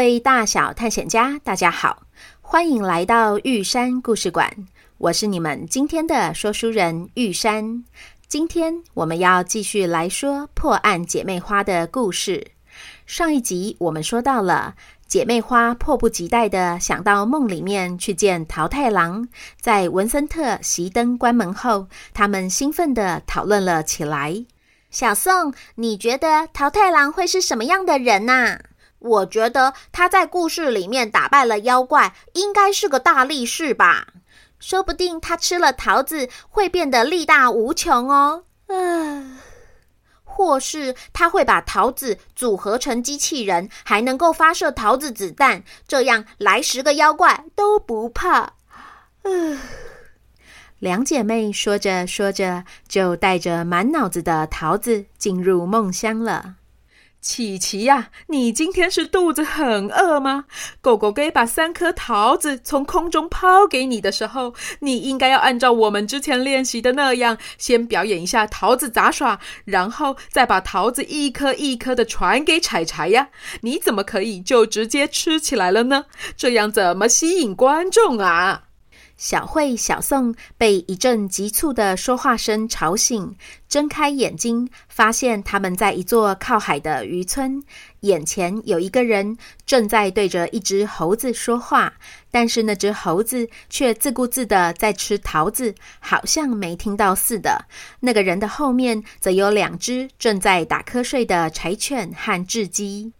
各位大小探險家，大家好，歡迎來到玉山故事館。我是你們今天的說書人玉山。今天我們要繼續來說破案姐妹花的故事。上一集我們說到了姐妹花迫不及待地想到夢裡面去見桃太郎。在文森特熄燈關門後，她們興奮地討論了起來。小宋，你覺得桃太郎會是什麼樣的人呢、啊？我覺得他在故事裡面打敗了妖怪，應該是個大力士吧？說不定他吃了桃子會變得力大無窮哦。嗯。或是他會把桃子組合成機器人，還能夠發射桃子子彈，這樣來十個妖怪都不怕。啊，兩姐妹說着說着，就帶着滿腦子的桃子進入夢鄉了。琪琪呀、啊，你今天是肚子很餓嗎？狗狗哥把三顆桃子從空中拋給你的時候，你應該要按照我們之前練習的那樣，先表演一下桃子雜耍，然後再把桃子一顆一顆的傳給柴柴呀。你怎麼可以就直接吃起來了呢？這樣怎麼吸引觀眾啊？小慧、小宋被一陣急促的說話聲吵醒，睜開眼睛，發現他們在一座靠海的漁村。眼前有一個人正在對着一隻猴子說話，但是那隻猴子卻自顧自的在吃桃子，好像沒聽到似的。那個人的後面則有兩隻正在打瞌睡的柴犬和雉雞。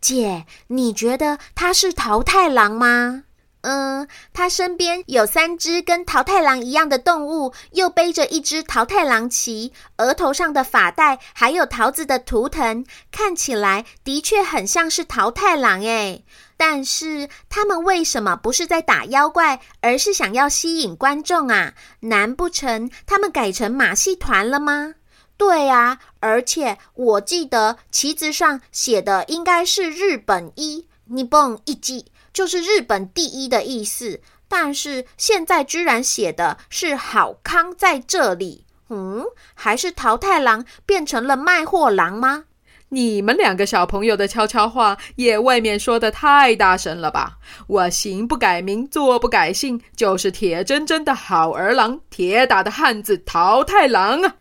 姐，你覺得他是桃太郎嗎？嗯，他身邊有三隻跟桃太郎一樣的動物，又背着一只桃太郎旗，額頭上的髮帶，還有桃子的圖騰，看起來的確很像是桃太郎哎。但是他們為什麼不是在打妖怪，而是想要吸引觀眾啊？難不成他們改成馬戲團了嗎？對啊，而且我記得旗子上寫的應該是日本一，日本一季。就是日本第一的意思，但是現在居然寫的是好康在這裡，嗯，還是桃太郎變成了賣貨郎嗎？你們兩個小朋友的悄悄話也未免說得太大聲了吧？我行不改名，坐不改姓，就是鐵錚錚的好兒郎，鐵打的漢子桃太郎啊！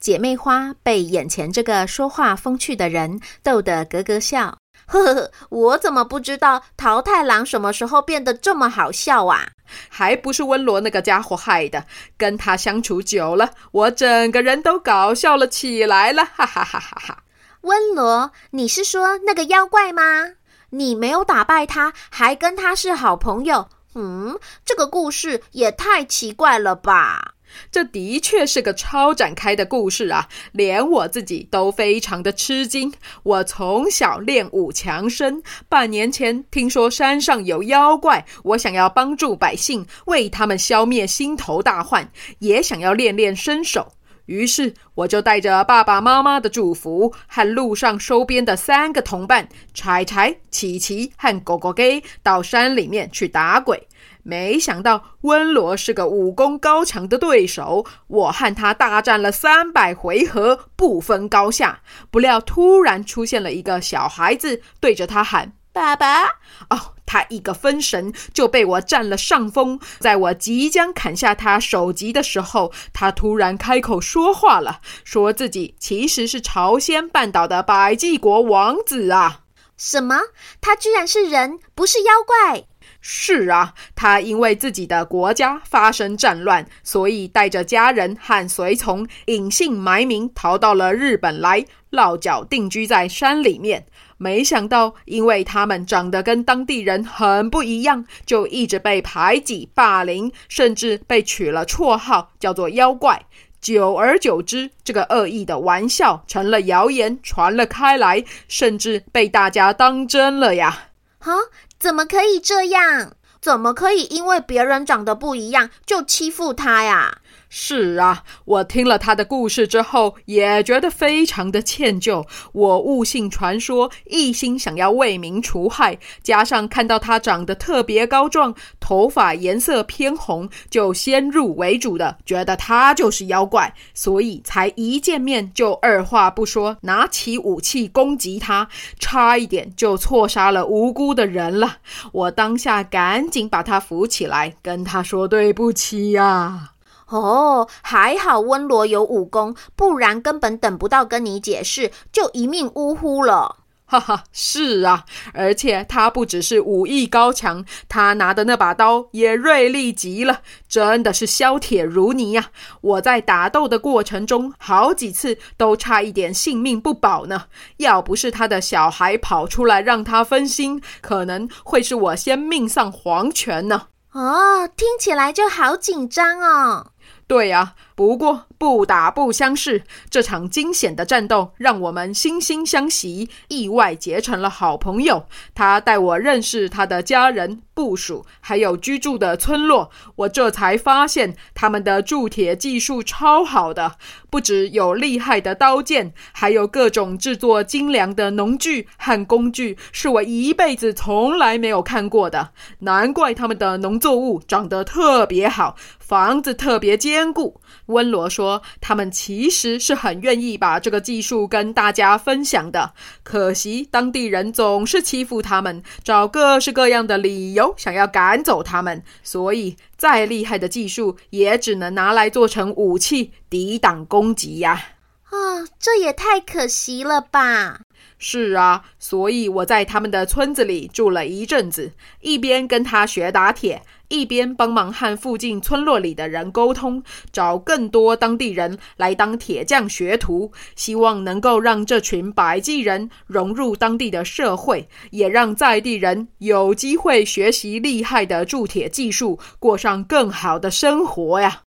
姐妹花被眼前這個說話風趣的人逗得咯咯笑。呵呵呵，我怎麼不知道桃太郎什麼時候變得這麼好笑啊？還不是溫羅那個家伙害的。跟他相處久了，我整個人都搞笑了起來了，哈哈哈哈哈。溫羅，你是說那個妖怪嗎？你沒有打敗他，還跟他是好朋友。嗯，這個故事也太奇怪了吧。這的確是個超展開的故事啊！連我自己都非常的吃驚。我從小練武強身，半年前聽說山上有妖怪，我想要幫助百姓，為他們消滅心頭大患，也想要練練身手。於是，我就帶着爸爸媽媽的祝福和路上收編的三個同伴——柴柴、琪琪和狗狗給到山裡面去打鬼。沒想到溫羅是個武功高強的對手，我和他大戰了三百回合，不分高下。不料突然出現了一個小孩子，對着他喊“爸爸”！哦，他一個分神就被我占了上風。在我即將砍下他首級的時候，他突然開口說話了，說自己其實是朝鮮半島的百濟國王子啊！什麼？他居然是人，不是妖怪。是啊，他因為自己的國家發生戰亂，所以帶着家人和隨從隱姓埋名逃到了日本來落腳，定居在山裡面。沒想到，因為他們長得跟當地人很不一樣，就一直被排擠霸凌，甚至被取了綽號叫做“妖怪”。久而久之，這個惡意的玩笑成了謠言傳了開來，甚至被大家當真了呀！哈、huh? 怎麼可以這樣？怎麼可以因為別人長得不一樣就欺負他呀？是啊，我聽了他的故事之後，也覺得非常的歉疚。我悟性傳說，一心想要為民除害，加上看到他長得特別高壯，頭髮顏色偏紅，就先入為主的覺得他就是妖怪，所以才一見面就二話不說拿起武器攻擊他，差一點就錯殺了無辜的人了。我當下趕緊把他扶起來，跟他說對不起呀、啊。哦，還好溫羅有武功，不然根本等不到跟你解釋，就一命嗚呼了。哈哈，是啊，而且他不只是武藝高強，他拿的那把刀也銳利極了，真的是削鐵如泥呀、啊！我在打鬥的過程中，好幾次都差一點性命不保呢。要不是他的小孩跑出來讓他分心，可能會是我先命喪黃泉呢。哦，聽起來就好緊張哦。對呀。不過不打不相識，這場驚險的戰鬥讓我們惺惺相惜，意外結成了好朋友。他帶我認識他的家人、部屬、還有居住的村落。我這才發現，他們的鑄鐵技術超好的，不只有厲害的刀劍，還有各種製作精良的農具和工具，是我一輩子從來沒有看過的。難怪他們的農作物長得特別好，房子特別堅固。溫羅說：“他們其實是很願意把這個技術跟大家分享的，可惜當地人總是欺負他們，找各式各樣的理由想要趕走他們，所以再厲害的技術也只能拿來做成武器，抵擋攻擊呀、啊。”啊、哦，這也太可惜了吧！是啊，所以我在他們的村子裡住了一陣子，一邊跟他學打鐵，一邊幫忙和附近村落裡的人溝通，找更多當地人來當鐵匠學徒，希望能夠讓這群百濟人融入當地的社會，也讓在地人有機會學習厲害的鑄鐵技術，過上更好的生活呀！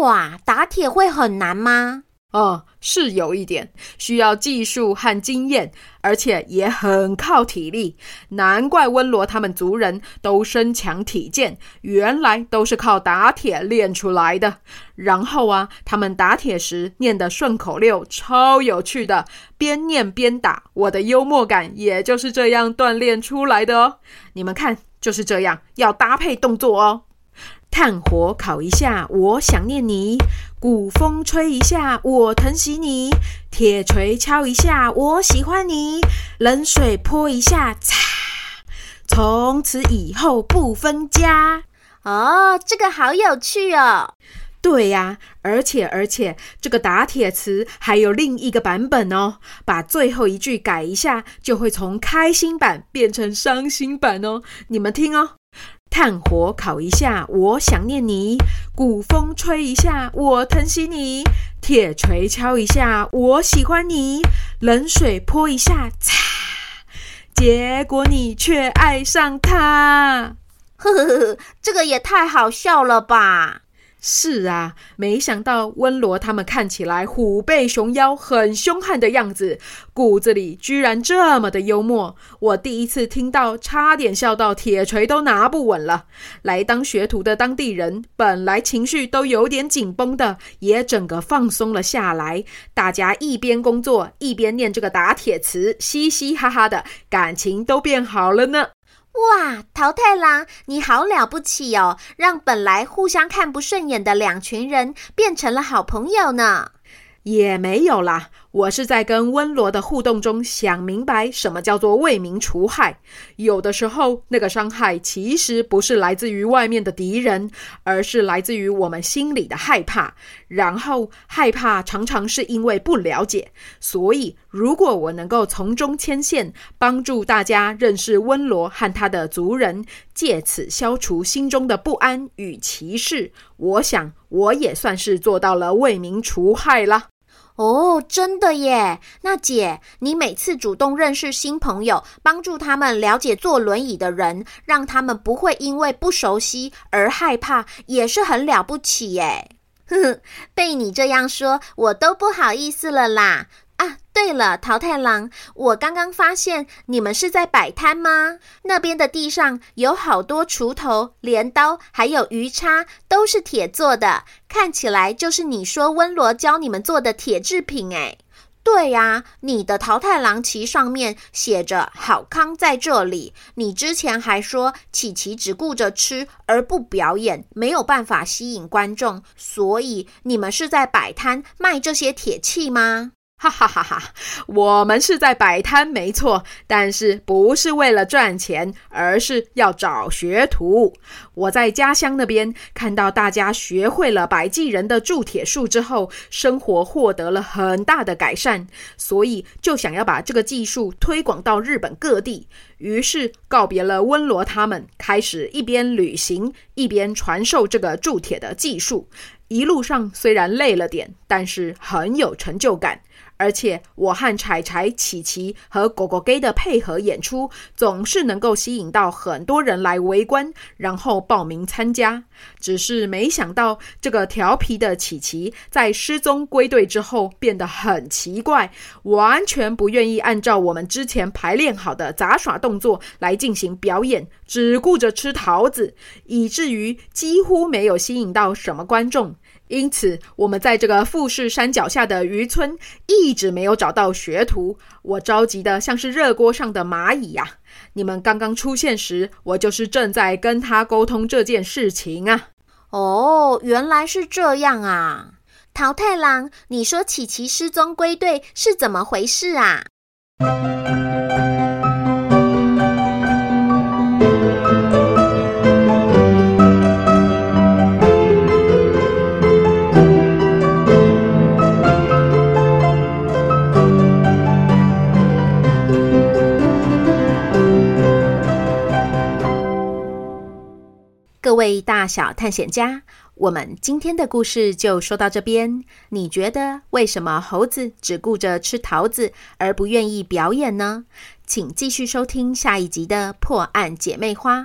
哇，打鐵會很難嗎？嗯。是有一點，需要技術和經驗，而且也很靠體力。難怪溫羅他們族人都身強體健，原來都是靠打鐵練出來的。然後啊，他們打鐵時念的順口溜超有趣的，邊念邊打，我的幽默感也就是這樣鍛鍊出來的哦。你們看，就是這樣，要搭配動作哦。炭火烤一下，我想念你；鼓風吹一下，我疼惜你；鐵錘敲一下，我喜歡你；冷水潑一下，擦，從此以後不分家。哦，這個好有趣哦！對呀，啊，而且而且，這個打鐵詞還有另一個版本哦，把最後一句改一下，就會從開心版變成傷心版哦。你們聽哦。炭火烤一下，我想念你；鼓風吹一下，我疼惜你；鐵錘敲一下，我喜歡你；冷水潑一下，擦，結果你卻愛上他。呵呵呵，這個也太好笑了吧！是啊，沒想到溫羅他們看起來虎背熊腰、很兇悍的樣子，骨子裡居然這麼的幽默。我第一次聽到，差點笑到鐵錘都拿不穩了。來當學徒的當地人本來情緒都有點緊繃的，也整個放鬆了下來。大家一邊工作一邊念這個打鐵詞，嘻嘻哈哈的，感情都變好了呢。哇，桃太郎，你好了不起哦！讓本來互相看不順眼的兩群人，變成了好朋友呢！也沒有啦，我是在跟溫羅的互動中想明白什麼叫做為民除害。有的時候，那個傷害其實不是來自於外面的敵人，而是來自於我們心裡的害怕。然後，害怕常常是因為不了解。所以，如果我能夠從中牽線，幫助大家認識溫羅和他的族人，借此消除心中的不安與歧視，我想我也算是做到了為民除害了。哦，真的耶！那姐，你每次主動認識新朋友，幫助他們了解坐輪椅的人，讓他們不會因為不熟悉而害怕，也是很了不起耶。 被你這樣說，我都不好意思了啦。對了，桃太郎，我剛剛發現你們是在擺攤嗎？那邊的地上有好多鋤頭、鐮刀，還有魚叉，都是鐵做的，看起來就是你說溫羅教你們做的鐵製品誒。誒對呀、啊，你的桃太郎旗上面寫着“好康在這裡”。你之前還說琪琪只顧着吃而不表演，沒有辦法吸引觀眾，所以你們是在擺攤賣這些鐵器嗎？哈哈哈哈，我們是在擺攤，沒錯，但是不是為了賺錢，而是要找學徒。我在家鄉那邊看到大家學會了百濟人的鑄鐵術之後，生活獲得了很大的改善，所以就想要把這個技術推廣到日本各地。於是告別了溫羅他們，開始一邊旅行一邊傳授這個鑄鐵的技術。一路上雖然累了點，但是很有成就感。而且我和彩彩、琪琪和狗狗蓋的配合演出，總是能夠吸引到很多人來圍觀，然後報名參加。只是沒想到，這個調皮的琪琪在失蹤歸隊之後，變得很奇怪，完全不願意按照我們之前排練好的雜耍動作來進行表演，只顧着吃桃子，以至於幾乎沒有吸引到什麼觀眾。因此，我們在這個富士山腳下的漁村一直沒有找到學徒，我着急的像是熱鍋上的螞蟻呀啊！你們剛剛出現時，我就是正在跟他溝通這件事情啊！哦，原來是這樣啊！桃太郎，你說琪琪失蹤歸隊是怎麼回事啊？大小探險家，我們今天的故事就說到這邊。你覺得為什麼猴子只顧着吃桃子而不願意表演呢？請繼續收聽下一集的《破案姐妹花》。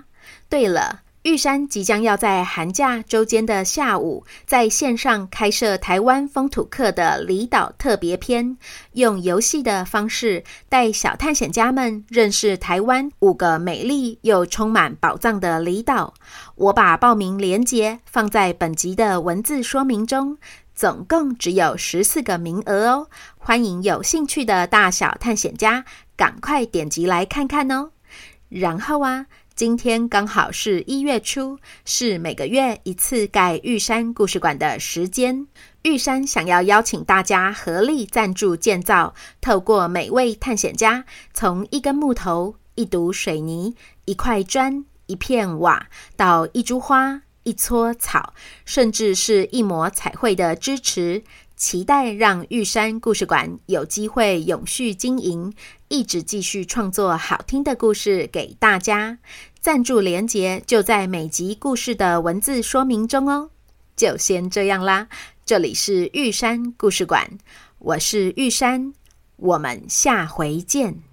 對了。玉山即將要在寒假週間的下午，在線上開設《台灣風土課》的離島特別篇，用遊戲的方式帶小探險家們認識台灣五個美麗又充滿寶藏的離島。我把報名鏈接放在本集的文字說明中，總共只有十四個名額哦，歡迎有興趣的大小探險家趕快點擊來看看哦。然後啊。今天剛好是一月初，是每個月一次蓋玉山故事館的時間。玉山想要邀請大家合力贊助建造，透過每位探險家，從一根木頭、一堵水泥、一塊磚、一片瓦，到一株花、一撮草，甚至是一抹彩繪的支持，期待讓玉山故事館有機會永續經營，一直繼續創作好聽的故事給大家。贊助連結就在每集故事的文字說明中哦。就先這樣啦，這裡是玉山故事館，我是玉山，我們下回見。